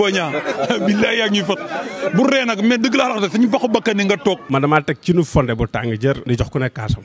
Boy Niang billaay yaa ngi ñuy bu ree nag mais dëgg laa wax de suñu baxu bakkan ni nga toog. man damaa teg ci nu fonde bu tàng jër. di jox ku nekk kaasam.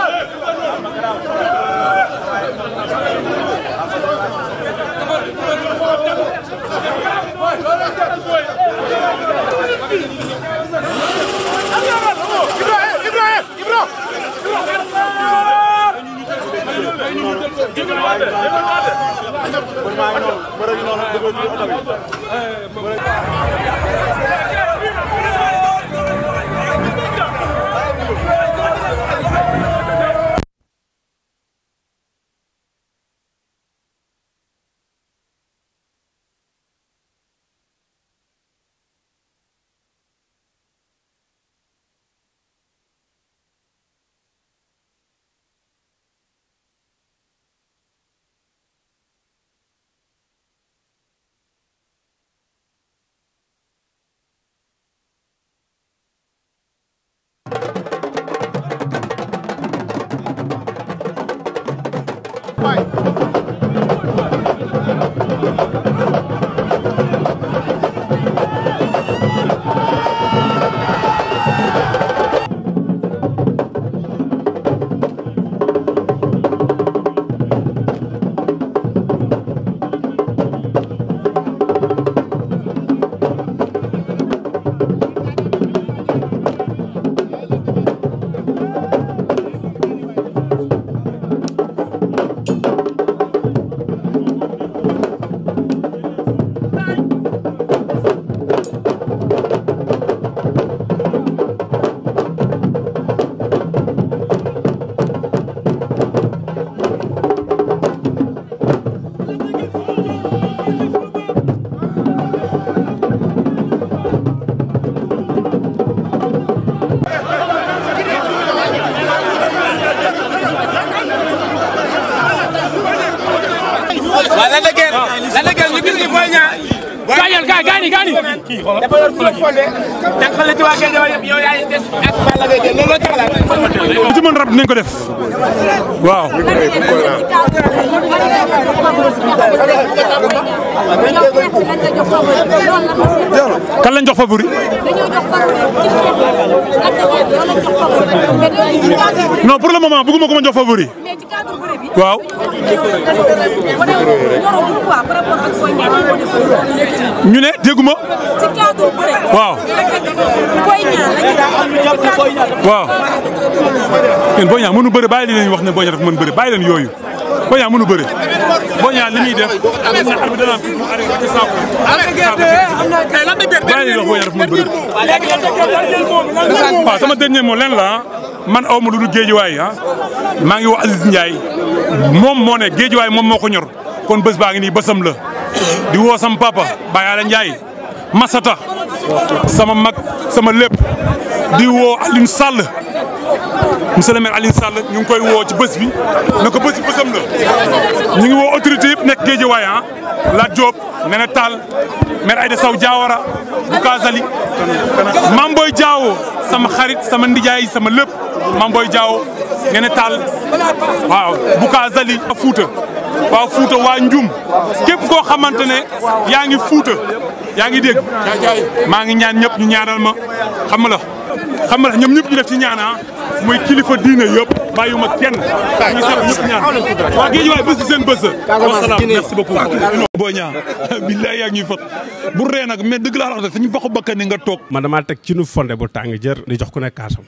Bermain, bermain, bermain, bermain, bermain, Thank you. waaw lan lu ci mën rab dinañ ko def waaw. kan lañ jox favori. non pour le moment bëgguma ko ma jox favori. waaw. ñu ne dégguma. waaw. waaw. yéen booy ñaar mënu bëre bàyyi leen wax ne booy ñaar dafa mën bëre bàyyi leen yooyu. boo ñaa mënu bëri boo ñaa li muy boo ñaa def mënu bëri waaw sama dernier mot leen la man aw ma lu dul géejuwaay ah maa ngi wax Aziz Ndiaye moom moo ne géejuwaay moom moo ko ñor kon bés baa ngi nii bësam la di woo sama papa Baye Ala Ndiaye Masata sama mag sama lépp di woo Alioune Sall monsieur le maire Alioune ñu ngi koy woo ci bés bi na ko bés la ñu ngi woo autorité yëpp nekk Guédiawaye ah la Diop Nene Tall maire Aïda Sow Diawara Bukazali Mame Boye Diao sama xarit sama ndijaay sama lépp Mame Boye Diao Nene Tall waaw Bukazali a Fouta waaw Fouta waa Ndioum képp koo xamante ne yaa ngi fuuta yaa ngi dégg maa ngi ñaan ñëpp ñu ñaanal ma xam la xam la ñoom ñëpp ñu def ci ñaan ah. muy kilifa diine yëpp bàyyiwuma kenn ñu sax ñëpp ñaan waa géej waay bés di seen bés wasalaam merci beaucoup boo ñaa billaay yaa ñuy fat bu ree nag mais dëgg laa wax de suñu baxu bakkan ni nga toog man damaa teg ci nu fonde bu tàng jër di jox ku nekk kaasam